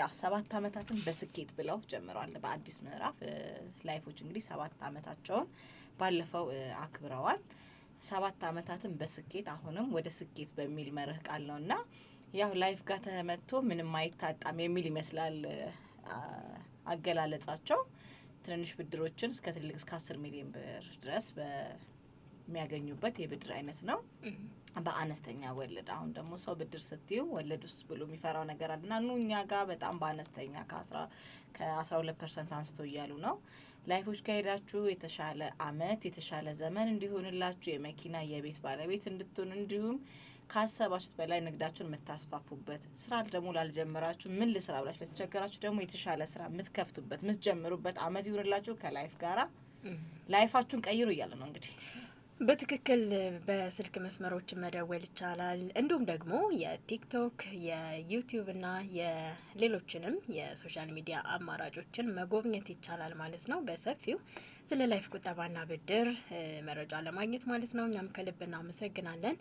ያው ሰባት አመታትን በስኬት ብለው ጀምረዋል። በአዲስ ምዕራፍ ላይፎች እንግዲህ ሰባት አመታቸውን ባለፈው አክብረዋል። ሰባት አመታትን በስኬት አሁንም ወደ ስኬት በሚል መርህ ቃል ነው እና ያው ላይፍ ጋር ተመቶ ምንም አይታጣም የሚል ይመስላል አገላለጻቸው። ትንንሽ ብድሮችን እስከ ትልቅ እስከ አስር ሚሊዮን ብር ድረስ የሚያገኙበት የብድር አይነት ነው በአነስተኛ ወለድ። አሁን ደግሞ ሰው ብድር ስትዩ ወለድ ውስጥ ብሎ የሚፈራው ነገር አለ እና ኑ እኛ ጋር በጣም በአነስተኛ ከአስራ ሁለት ፐርሰንት አንስቶ እያሉ ነው። ላይፎች ከሄዳችሁ የተሻለ አመት የተሻለ ዘመን እንዲሆንላችሁ የመኪና የቤት ባለቤት እንድትሆን እንዲሁም ካሰባችሁት በላይ ንግዳችሁን የምታስፋፉበት ስራ ደግሞ ላልጀመራችሁ ምን ልስራ ብላችሁ ለተቸገራችሁ ደግሞ የተሻለ ስራ የምትከፍቱበት የምትጀምሩበት አመት ይሁንላችሁ ከላይፍ ጋራ ላይፋችሁን ቀይሩ እያለ ነው እንግዲህ በትክክል በስልክ መስመሮች መደወል ይቻላል። እንዲሁም ደግሞ የቲክቶክ የዩቲዩብ እና የሌሎችንም የሶሻል ሚዲያ አማራጮችን መጎብኘት ይቻላል ማለት ነው። በሰፊው ስለ ላይፍ ቁጠባና ብድር መረጃ ለማግኘት ማለት ነው። እኛም ከልብ እናመሰግናለን።